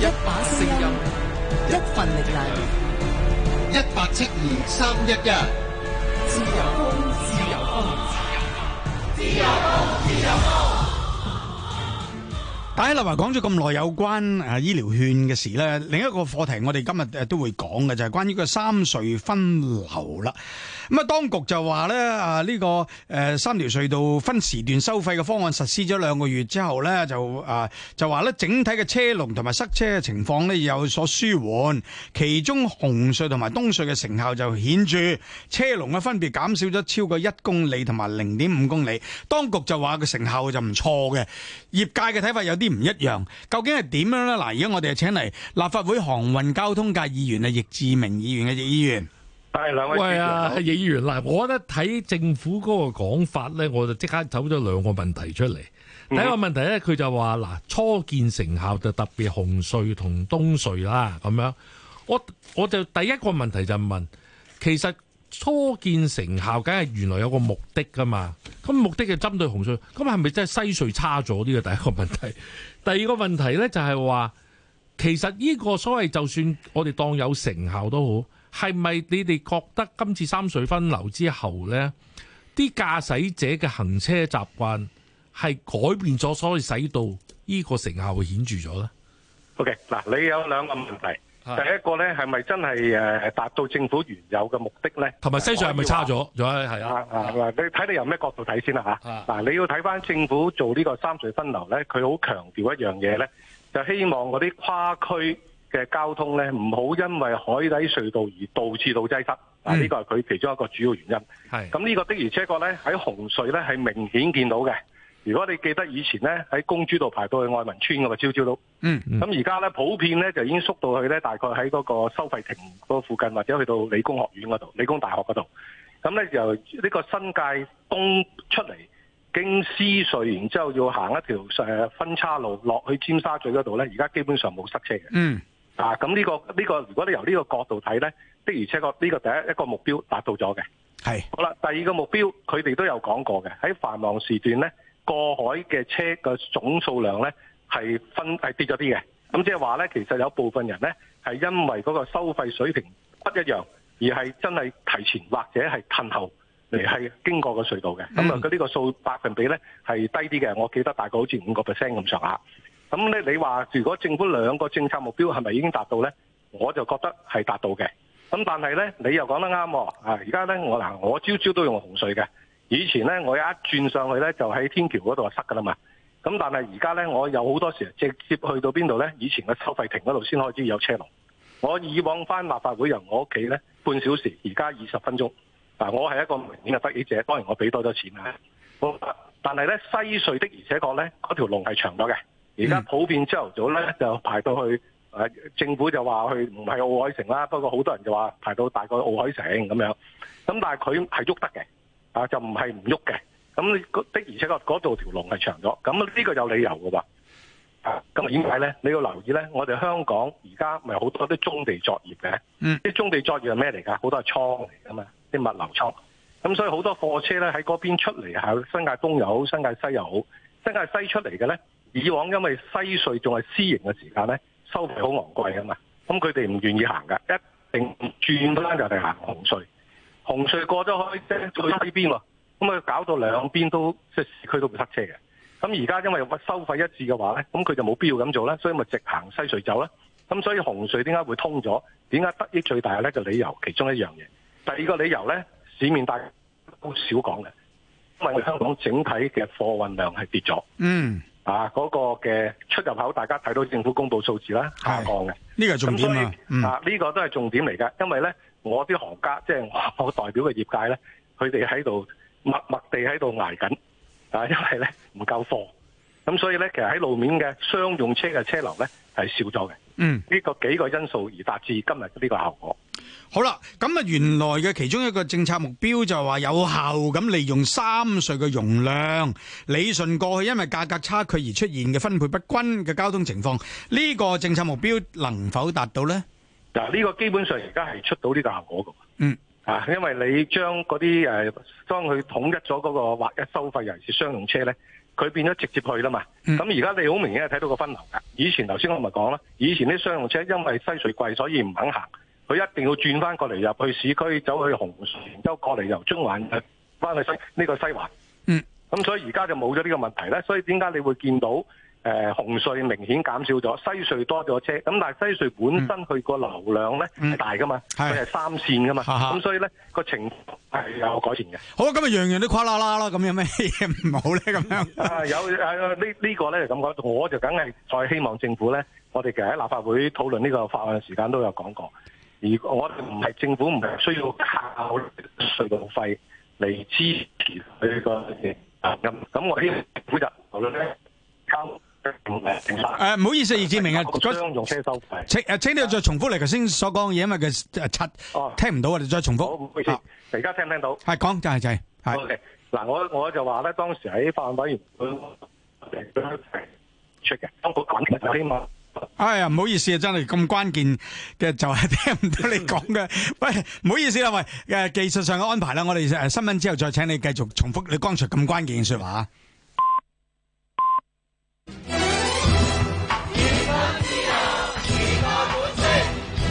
一把聲音，一份力量，一八七二三一一。自由風，自由風，自由風，自由風，自由風。大家立話講咗咁耐有關誒醫療券嘅事咧，另一個課題我哋今日都會講嘅就係關於個三隧分流啦。咁啊，當局就話咧啊，呢、這個誒、呃、三條隧道分時段收費嘅方案實施咗兩個月之後咧，就啊就話咧，整體嘅車龍同埋塞車嘅情況咧有所舒緩，其中紅隧同埋東隧嘅成效就顯著，車龍啊分別減少咗超過一公里同埋零點五公里。當局就話個成效就唔錯嘅，業界嘅睇法有啲唔一樣，究竟係點樣呢？嗱，而家我哋請嚟立法會航運交通界議員啊，易志明議員嘅議員。係兩位喂、啊、議員，嗱，我覺得睇政府嗰個講法咧，我就即刻走咗兩個問題出嚟。第一個問題咧，佢就話，嗱，初見成效就特別紅隧同東隧啦，咁樣。我我就第一個問題就問，其實初見成效，梗係原來有個目的噶嘛。咁目的就針對紅隧，咁係咪真係西隧差咗呢、這個第一個問題？第二個問題咧，就係、是、話，其實呢個所謂就算我哋當有成效都好。係咪你哋覺得今次三隧分流之後咧，啲駕駛者嘅行車習慣係改變咗，所以使到呢個成效會顯著咗咧？OK，嗱，你有兩個問題，第一個咧，係咪真係誒達到政府原有嘅目的咧？同埋西隧係咪差咗？咗係啊啊！嗱，你睇你由咩角度睇先啦吓。嗱，你要睇翻，政府做呢個三隧分流咧，佢好強調一樣嘢咧，就希望嗰啲跨區。嘅交通咧，唔好因為海底隧道而導致到擠塞。啊，呢個係佢其中一個主要原因。咁、嗯、呢個的而且確咧，喺紅隧咧係明顯見到嘅。如果你記得以前咧，喺公主道排到去愛民村嗰個朝朝都。嗯。咁而家咧，普遍咧就已經縮到去咧，大概喺嗰個收費亭嗰附近，或者去到理工學院嗰度、理工大學嗰度。咁咧，由呢個新界東出嚟經私隧，然之後要行一條誒分岔路落去尖沙咀嗰度咧，而家基本上冇塞車嘅。嗯。啊，咁呢、呢個呢、呢個如果你由呢個角度睇呢，的而且確呢個第一一個目標達到咗嘅。係，好啦，第二個目標，佢哋都有講過嘅。喺繁忙時段呢，過海嘅車嘅總數量呢係分係跌咗啲嘅。咁即係話呢，其實有部分人呢係因為嗰個收費水平不一樣，而係真係提前或者係褪後嚟係經過個隧道嘅。咁、嗯、啊，佢呢個數百分比呢係低啲嘅。我記得大概好似五個 percent 咁上下。咁咧，你話如果政府兩個政策目標係咪已經達到咧？我就覺得係達到嘅。咁但係咧，你又講得啱，哦。啊，而家咧，我嗱，我朝朝都用紅隧嘅。以前咧，我一轉上去咧，就喺天橋嗰度塞噶啦嘛。咁但係而家咧，我有好多時直接去到邊度咧？以前嘅收費亭嗰度先開始有車龍。我以往返立法會由我屋企咧半小時，而家二十分鐘。嗱，啊，我係一個明顯嘅得益者，當然我俾多咗錢啦。好，但係咧，西隧的而且確咧，嗰條龍係長咗嘅。而、嗯、家普遍朝頭早咧就排到去，誒、啊、政府就話去唔係奧海城啦，不過好多人就話排到大概奧海城咁樣。咁、嗯、但係佢係喐得嘅，啊就唔係唔喐嘅。咁、嗯、的而且確嗰度條龍係長咗，咁呢個有理由嘅喎。啊，咁點解咧？你要留意咧，我哋香港而家咪好多啲中地作業嘅，啲、嗯、中地作業係咩嚟㗎？好多係倉嚟㗎嘛，啲物流倉。咁所以好多貨車咧喺嗰邊出嚟，喺新界東又好，新界西又好,好，新界西出嚟嘅咧。以往因為西隧仲係私營嘅時間咧，收費好昂貴㗎嘛，咁佢哋唔願意行㗎，一定轉翻就係行紅隧。紅隧過咗去即係西邊喎，咁啊搞到兩邊都即係市區都會塞車嘅。咁而家因為個收費一致嘅話咧，咁佢就冇必要咁做啦，所以咪直行西隧走啦。咁所以紅隧點解會通咗？點解得益最大咧？就係理由其中一樣嘢。第二個理由咧，市面大家都少講嘅，因為香港整體嘅貨運量係跌咗。嗯。啊！嗰、那個嘅出入口，大家睇到政府公布數字啦，下降嘅。呢個係重點啊！啊，呢、嗯啊呢個都係重點嚟㗎，因為咧，我啲行家即係我代表嘅業界咧，佢哋喺度默默地喺度捱緊啊，因為咧唔夠貨。咁、啊、所以咧，其實喺路面嘅商用車嘅車流咧係少咗嘅。嗯，呢、呢個幾個因素而達至今日呢個效果。好啦，咁啊，原來嘅其中一個政策目標就係話有效咁利用三隧嘅容量，理順過去因為價格差距而出現嘅分配不均嘅交通情況。呢個政策目標能否達到呢？嗱，呢個基本上而家係出到呢個效果嘅。嗯，啊，因為你將嗰啲誒，當佢統一咗嗰個劃一收費，尤其是商用車呢，佢變咗直接去啦嘛。咁而家你好明顯係睇到個分流嘅。以前頭先我咪講啦，以前啲商用車因為西隧貴，所以唔肯行。佢一定要轉翻過嚟入去市區，走去紅船洲過嚟，由中環翻去西呢、呢個西環。嗯，咁、嗯、所以而家就冇咗呢個問題咧。所以點解你會見到誒、呃、紅隧明顯減少咗，西隧多咗車。咁但係西隧本身佢個流量咧係、嗯、大噶嘛，佢、嗯、係三線噶嘛。咁、嗯、所以咧個情係有改善嘅。好 啊，今日樣樣都跨啦啦啦，咁有咩唔好咧咁樣？有、啊、誒、呢個、呢呢個咧咁講，我就梗係再希望政府咧，我哋其實喺立法會討論呢個法案嘅時間都有講過。而我唔係政府，唔係需要靠隧道費嚟支持佢個責任。咁我呢個政府就好啦，交誒唔好意思，易志明啊，嗰商用車收費。請誒請你再重複嚟頭先所講嘅嘢，因為佢誒七聽唔到，我哋再重複。哦、唔好意思，啊、你而家聽唔聽到？係講就係就係。係、okay、嗱，我我就話咧，當時喺法案委員會佢係出嘅，政府肯定希望。哎呀，唔好意思啊，真係咁關鍵嘅就係聽唔到你講嘅，喂，唔好意思啦，喂，誒，技術上嘅安排啦，我哋誒，新聞之後再請你繼續重複你剛才咁關鍵嘅說話。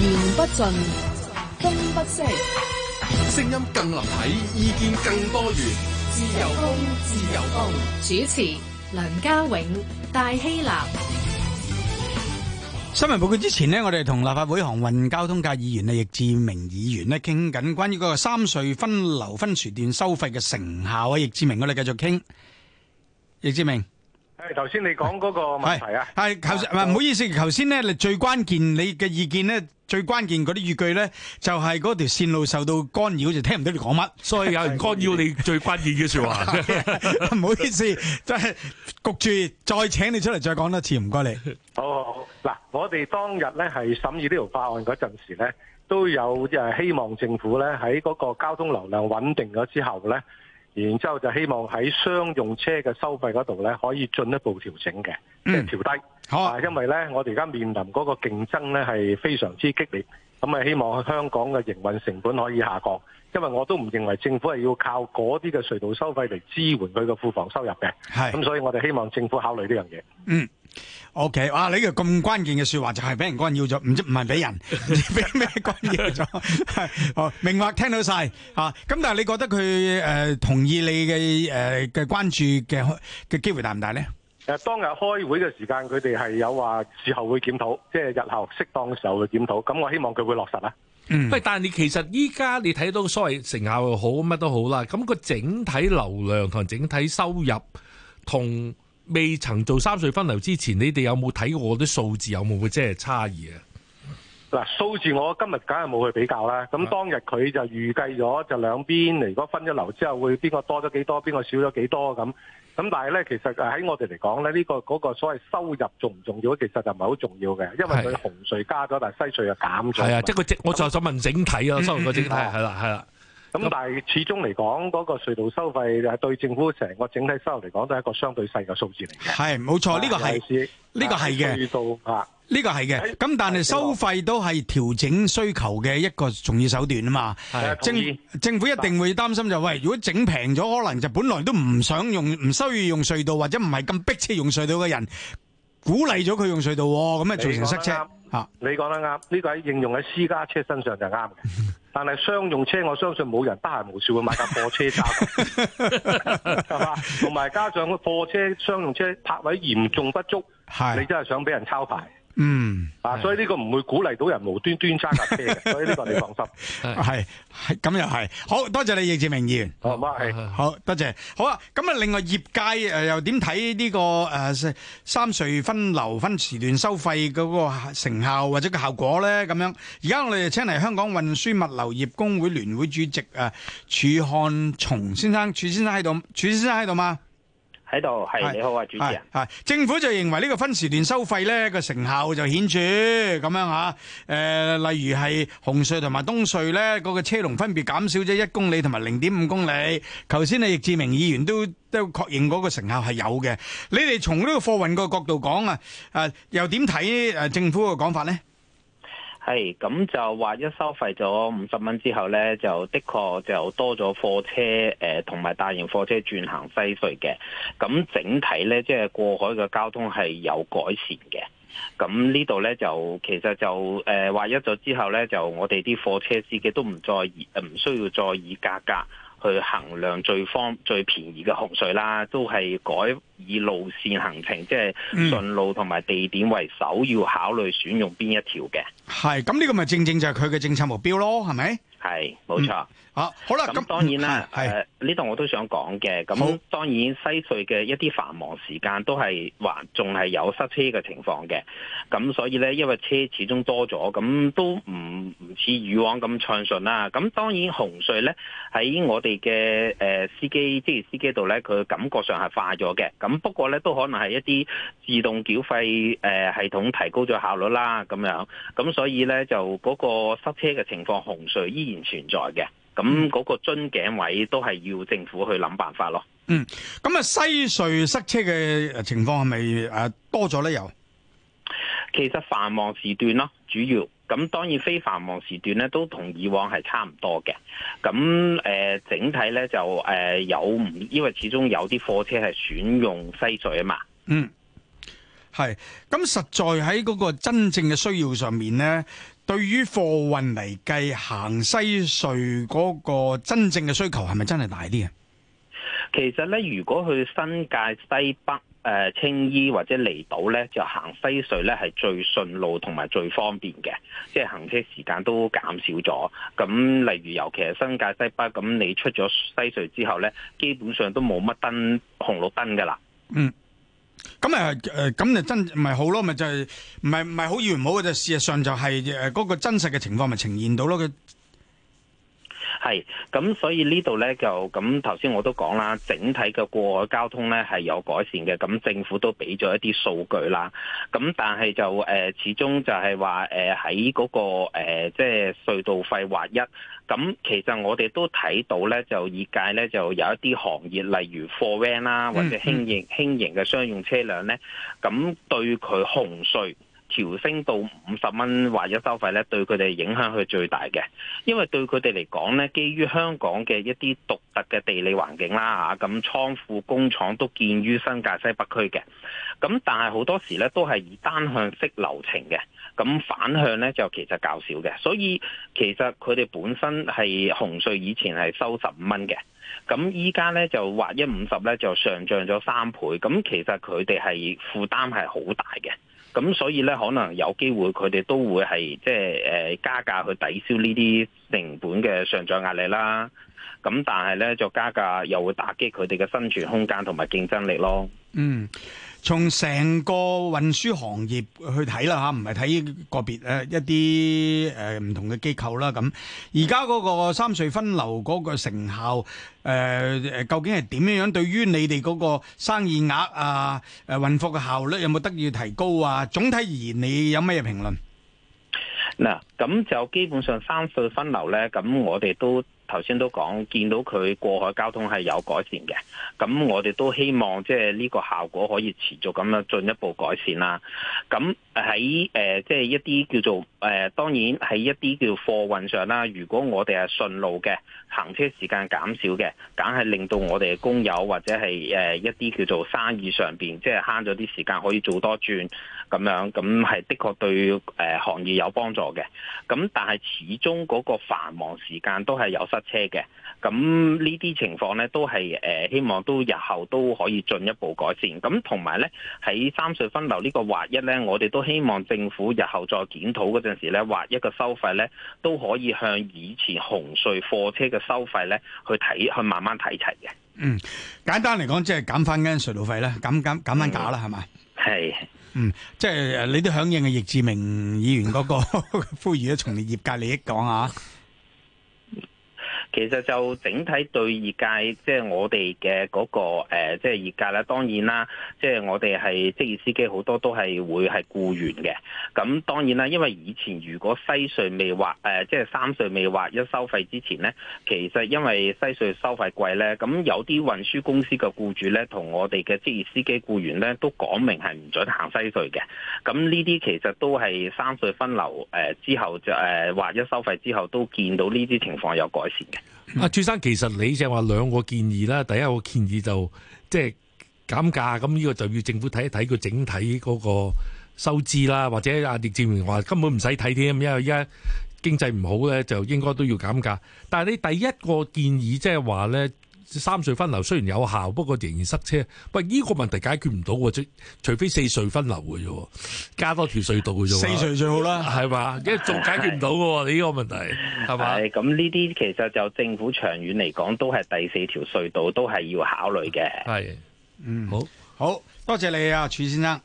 言不盡，風不息，聲音更立體，意見更多元。自由風，自由風，主持梁家永、戴希娜。新聞報告之前呢，我哋同立法會航運交通界議員咧，易志明議員呢傾緊關於個三隧分流分時段收費嘅成效啊！易志明，我哋繼續傾。易志明。係頭先你講嗰個問題啊！係頭先唔好意思，頭先咧你最關鍵你嘅意見咧，最關鍵嗰啲語句咧，就係嗰條線路受到干擾就聽唔到你講乜，所以有人干擾你最關鍵嘅說話。唔 好意思，即係焗住再請你出嚟再講多次，唔該你。好好好，嗱，我哋當日咧係審議呢條法案嗰陣時咧，都有即係希望政府咧喺嗰個交通流量穩定咗之後咧。然之後就希望喺商用車嘅收費嗰度咧，可以進一步調整嘅，即調 低。因為咧，我哋而家面臨嗰個競爭咧係非常之激烈。咁啊，希望香港嘅營運成本可以下降。因為我都唔認為政府係要靠嗰啲嘅隧道收費嚟支援佢嘅庫房收入嘅。咁 所以，我哋希望政府考慮呢樣嘢。嗯。 O K，哇！你個咁關鍵嘅說話就係俾人干擾咗，唔知唔係俾人，俾咩干擾咗？係哦，明白，聽到晒啊！咁但係你覺得佢誒同意你嘅誒嘅關注嘅嘅機會大唔大咧？誒，當日開會嘅時間，佢哋係有話事後會檢討，即係日後適當嘅時候會檢討。咁我希望佢會落實啊。嗯，喂，但係你其實依家你睇到所謂成效又好，乜都好啦。咁個整體流量同整體收入同。未曾做三隧分流之前，你哋有冇睇過啲數字有冇真係差異？啊，嗱，數字我今日梗係冇去比較啦。咁當日佢就預計咗就兩邊，如果分咗流之後會邊個多咗幾多，邊個少咗幾多咁。咁但係咧，其實喺我哋嚟講咧，呢、這個嗰、那個所謂收入重唔重要，其實就唔係好重要嘅，因為佢紅隧加咗，啊，但係西隧又減咗。係啊，即係佢我就想問整體咯，啊嗯，收入嗰個整體係啦係啦。嗯咁但係始終嚟講，嗰個隧道收費誒，對政府成個整體收入嚟講，都係一個相對細嘅數字嚟嘅。係，冇錯，呢個係，呢個係嘅。隧道啊，呢個係嘅。咁但係收費都係調整需求嘅一個重要手段啊嘛。係政政府一定會擔心就喂，如果整平咗，可能就本來都唔想用、唔需要用隧道，或者唔係咁逼切用隧道嘅人。鼓勵咗佢用隧道，咁咪造成塞車。吓，你講得啱，呢個應用喺私家車身上就啱嘅。但係商， 商用車，我相信冇人得閒無事會買架貨車揸，係嘛？同埋加上個貨車商用車泊位嚴重不足，你真係想俾人抄牌。嗯，啊，所以呢個唔會鼓勵到人無端端揸架車嘅， 所以呢個你放心係，係咁又係，好多謝你易志明議員。阿媽係，好多謝，好啊，咁啊，另外業界誒、呃、又點睇呢個誒、呃、三隧分流分時段收費嗰個成效或者個效果咧？咁樣而家我哋請嚟香港運輸物流業工會聯會主席誒、呃，儲漢松先生，儲先生喺度，儲先生喺度嘛？喺度係，你好啊，主持人啊，政府就認為呢個分時段收費呢個成效就顯著咁樣吓、啊，誒、呃，例如係紅隧同埋東隧呢，嗰、那個車龍分別減少咗一公里同埋零點五公里。頭先啊，易志明議員都都確認嗰個成效係有嘅。你哋從呢個貨運個角度講啊，誒、呃，又點睇誒政府嘅講法呢？係，咁就劃一收費咗五十蚊之後呢，就的確就多咗貨車誒，同埋，呃，大型貨車轉行西隧嘅，咁整體呢，即係過海嘅交通係有改善嘅。咁呢度呢，就其實就誒，劃一咗之後呢，就我哋啲貨車司機都唔再唔需要再以價格。去衡量最方最便宜嘅紅隧啦，都係改以路線行程，即係順路同埋地點為首要考慮，選用邊一條嘅。係，咁呢個咪正正就係佢嘅政策目標咯，係咪？係冇錯，好啦咁，咁當然啦，嗯，呃，呢度我都想講嘅。咁當然西隧嘅一啲繁忙時間都係話仲係有塞車嘅情況嘅。咁所以咧，因為車始終多咗，咁都唔唔似以往咁暢順啦。咁當然紅隧咧喺我哋嘅誒司機即係司機度咧，佢感覺上係快咗嘅。咁不過咧都可能係一啲自動繳費誒系統提高咗效率啦。咁樣咁所以咧就嗰個塞車嘅情況，紅隧依然。唔存在嘅，咁嗰個樽頸位都係要政府去諗辦法咯。嗯，咁啊西隧塞車嘅情況係咪誒多咗呢？又其實繁忙時段咯，主要咁當然非繁忙時段咧，都同以往係差唔多嘅。咁誒、呃、整體咧就誒有唔因為始終有啲貨車係選用西隧啊嘛。嗯，係。咁實在喺嗰個真正嘅需要上面咧。對於貨運嚟計，行西隧嗰個真正嘅需求係咪真係大啲啊？其實咧，如果去新界西北，誒青衣或者離島咧，就行西隧咧係最順路同埋最方便嘅，即係行車時間都減少咗。咁例如尤其係新界西北，咁你出咗西隧之後咧，基本上都冇乜燈紅綠燈噶啦。嗯。咁咪誒，咁就真唔係、就是、好咯，咪就係、是，唔係唔係好易唔好嘅就，事實上就係誒嗰個真實嘅情況咪呈現到咯。係，咁所以呢度咧就咁頭先我都講啦，整體嘅過海交通咧係有改善嘅，咁政府都俾咗一啲數據啦，咁但係就誒、呃、始終就係話誒喺嗰個即係、呃就是、隧道費劃一，咁其實我哋都睇到咧就業界咧就有一啲行業例如貨 van 啦或者輕型、嗯、輕型嘅商用車輛咧，咁對佢紅隧調升到五十蚊或者收費咧，對佢哋影響係最大嘅，因為對佢哋嚟講咧，基於香港嘅一啲獨特嘅地理環境啦，咁倉庫工廠都建於新界西北區嘅，咁但係好多時咧都係以單向式流程嘅，咁反向咧就其實較少嘅，所以其實佢哋本身係紅隧以前係收十五蚊嘅，咁依家咧就或者五十咧就上漲咗三倍，咁其實佢哋係負擔係好大嘅。咁所以呢，可能有機會佢哋都會係即係誒加價去抵消呢啲成本嘅上漲壓力啦。咁但係呢，就加價又會打擊佢哋嘅生存空間同埋競爭力咯。嗯，從成個運輸行業去睇啦吓，唔係睇個別誒、啊、一啲誒唔同嘅機構啦。咁而家嗰個三隧分流嗰個成效誒、呃，究竟係點樣樣？對於你哋嗰個生意額啊，誒運貨嘅效率有冇得以提高啊？總體而言，你有咩嘢評論？嗱，咁就基本上三隧分流呢，咁我哋都。頭先都講見到佢過海交通係有改善嘅，咁我哋都希望即係呢個效果可以持續咁樣進一步改善啦。咁喺誒即係一啲叫做誒、呃、當然喺一啲叫貨運上啦。如果我哋係順路嘅，行車時間減少嘅，梗係令到我哋嘅工友或者係誒、呃、一啲叫做生意上邊即係慳咗啲時間可以做多轉咁樣，咁係的確對誒、呃、行業有幫助嘅。咁但係始終嗰個繁忙時間都係有。塞車嘅，咁呢啲情況咧都係誒，希望都日後都可以進一步改善。咁同埋咧喺三隧分流呢個劃一咧，我哋都希望政府日後再檢討嗰陣時咧劃一個收費咧，都可以向以前紅隧貨車嘅收費咧去睇，去慢慢睇齊嘅。嗯，簡單嚟講，即係減翻，間隧道費咧，減減減翻價啦，係咪？係，嗯，即係你都響應嘅易志明議員嗰、那個呼籲咧，從業界利益講啊。其實就整體對業界，即係我哋嘅嗰個即係業界啦。當然啦，即係我哋係職業司機好多都係會係僱員嘅。咁當然啦，因為以前如果西隧未劃誒，即係三隧未劃一收費之前呢，其實因為西隧收費貴呢，咁有啲運輸公司嘅僱主呢，同我哋嘅職業司機僱員呢，都講明係唔准行西隧嘅。咁呢啲其實都係三隧分流、呃、之後就誒，呃、劃一收費之後都見到呢啲情況有改善嘅。阿、啊、朱生，其實你就話兩個建議啦，第一個建議就即係減價，咁呢個就要政府睇一睇個整體嗰個收支啦，或者阿易志明話根本唔使睇添，因為而家經濟唔好咧，就應該都要減價。但係你第一個建議即係話咧。三隧分流雖然有效，不過仍然塞車。不過，呢個問題解決唔到，除除非四隧分流嘅啫，加多條隧道嘅啫。四隧最好啦，係嘛？因為仲解決唔到嘅呢個問題，係咪？咁呢啲其實就政府長遠嚟講，都係第四條隧道，都係要考慮嘅。係，嗯，好，好多謝你啊，儲先生。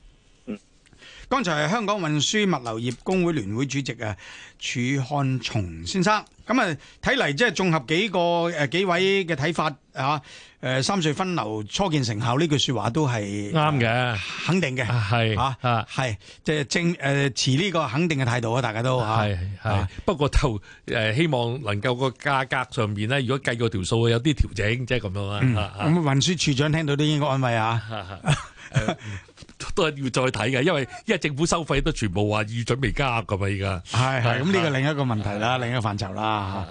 剛才係香港運輸物流業工會聯會主席啊，儲漢松先生，咁啊睇嚟，即係綜合幾個誒幾位嘅睇法啊，誒三隧分流初見成效呢句說話都係啱嘅，肯定嘅係啊係即係正誒、呃、持呢個肯定嘅態度啊，大家都係係、啊，不過就誒希望能夠個價格上面咧，如果計個條數有啲調整，即係咁樣啦。咁運輸處長聽到都應該安慰啊。啊嗯 都係要再睇嘅，因為因為政府收費都全部話預準備加噶嘛，依家係係咁，呢個另一個問題啦，另一個範疇啦。